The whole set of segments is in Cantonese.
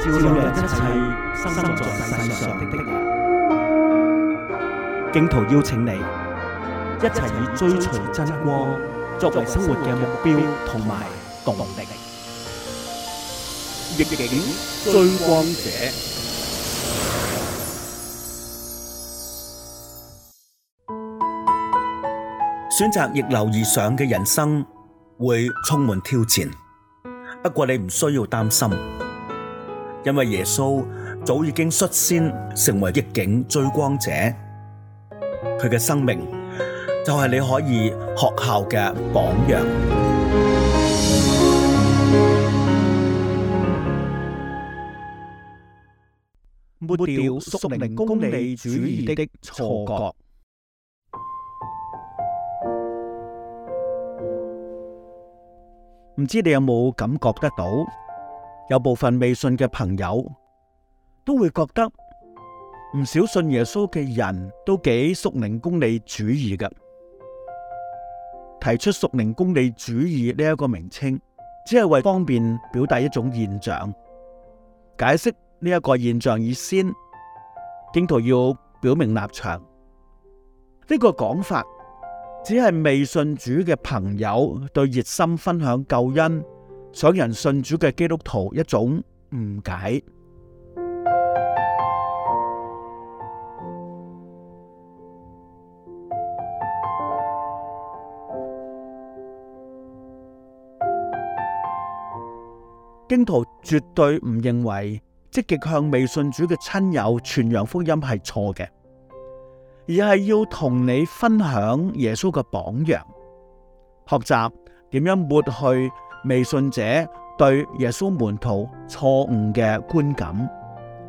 照亮一切生在世上的人，荊徒邀請你一齊以追隨真光作為生活嘅目標同埋動力。逆境追光者，選擇逆流而上嘅人生會充滿挑戰，不過你唔需要擔心。因為耶穌早已經率先成為逆境追光者，佢嘅生命就係你可以學校嘅榜樣，抹掉屬靈功利主義的錯覺。唔知你有冇感覺得到？有部分未信嘅朋友都會覺得唔少信耶穌嘅人都幾屬靈公利主義嘅，提出屬靈公利主義呢一個名稱，只係為方便表達一種現象，解釋呢一個現象以先，荊徒要表明立場，呢、這個講法只係未信主嘅朋友對熱心分享救恩，想人信主嘅基督徒一種誤解。荊徒絕對唔認為積極向未信主嘅親友傳揚福音係錯嘅，而係要同你分享耶穌嘅榜樣，學習點樣抹去。未信者對耶穌門徒錯誤嘅觀感，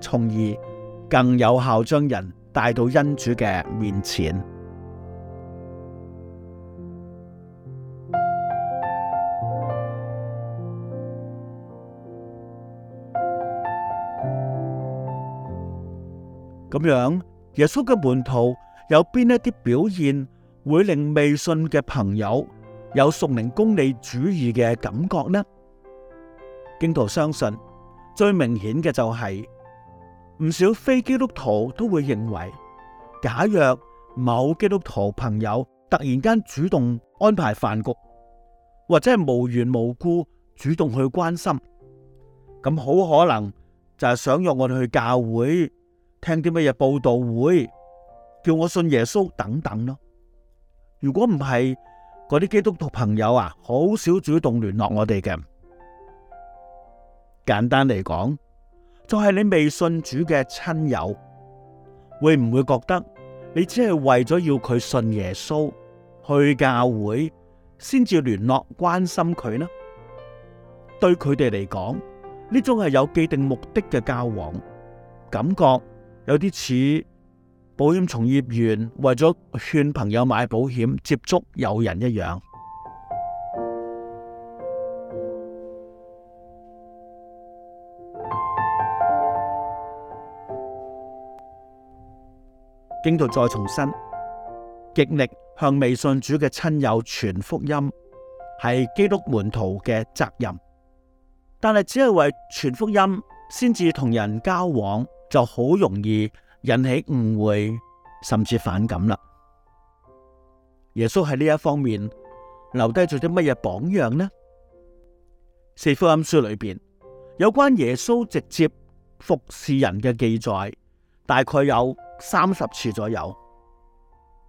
從而更有效將人帶到恩主嘅面前。咁樣，耶穌嘅門徒有邊一啲表現會令未信嘅朋友有屬靈功利主義嘅感覺呢？荊徒相信最明顯嘅就係、是、唔少非基督徒都會認為，假若某基督徒朋友突然間主動安排飯局，或者係無緣無故主動去關心，咁好可能就係想約我哋去教會聽啲乜嘢布道會，叫我信耶穌等等咯。如果唔係，嗰啲基督徒朋友啊，好少主動聯絡我哋嘅。簡單嚟講，就係你未信主嘅親友，會唔會覺得你只係為咗要佢信耶穌、去教會，先至聯絡關心佢呢？對佢哋嚟講，呢種係有既定目的嘅交往，感覺有啲似。保險從業員為咗勸朋友買保險，接觸友人一樣。喺度再重申，極力向未信主嘅親友傳福音，係基督門徒嘅責任。但係只係為傳福音先至同人交往，就好容易，引起誤會甚至反感啦。耶穌喺呢一方面留低咗啲乜嘢榜樣呢？四福音書裏邊有關耶穌直接服侍人嘅記載，大概有三十次左右。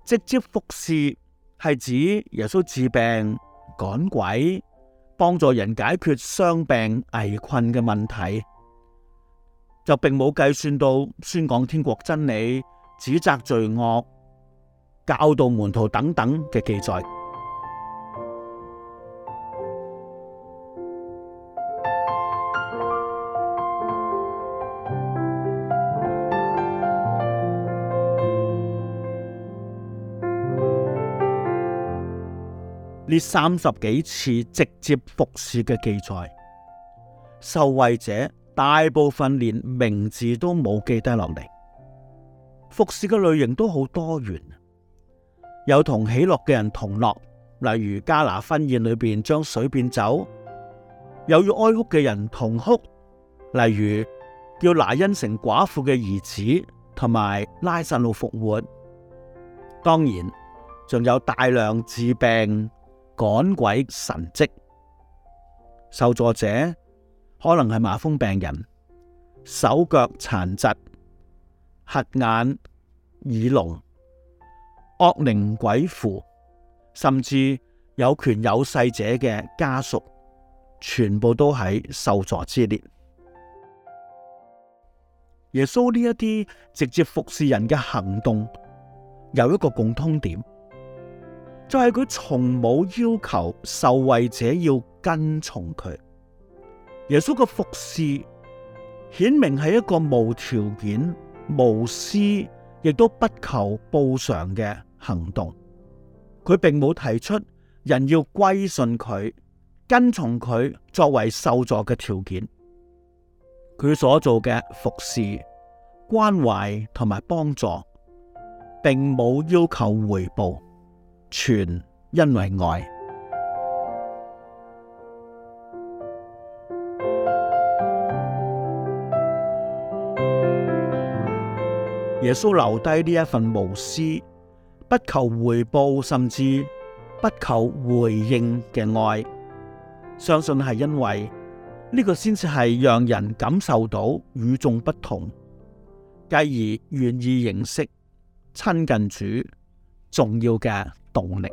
直接服侍係指耶穌治病、趕鬼、幫助人解決傷病危困嘅問題。就並冇計算到宣講天國真理、指責罪惡、教導門徒等等嘅記載。呢三十幾次直接服侍嘅記載，受惠者，大部分連名字都冇記得落嚟，服侍嘅類型都好多元，有同喜樂嘅人同樂，例如加拿婚宴裏邊將水變酒；有要哀哭嘅人同哭，例如叫拿因城寡婦嘅兒子，同埋拉撒路復活。當然，仲有大量治病、趕鬼神跡，受助者。可能係麻風病人、手腳殘疾、瞎眼、耳聾、惡靈鬼附，甚至有權有勢者嘅家屬，全部都喺受助之列。耶穌呢一啲直接服侍人嘅行動，有一個共通點，就係、是、佢從冇要求受惠者要跟從佢。耶穌嘅服侍顯明係一個無條件、無私，亦都不求報償嘅行動。佢並冇提出人要歸順佢、跟從佢作為受助嘅條件。佢所做嘅服侍、關懷同埋幫助，並冇要求回報，全因為愛。耶穌留低呢一份無私、不求回報、甚至不求回應嘅愛，相信係因為呢個先至係讓人感受到與眾不同，繼而願意認識親近主重要嘅動力。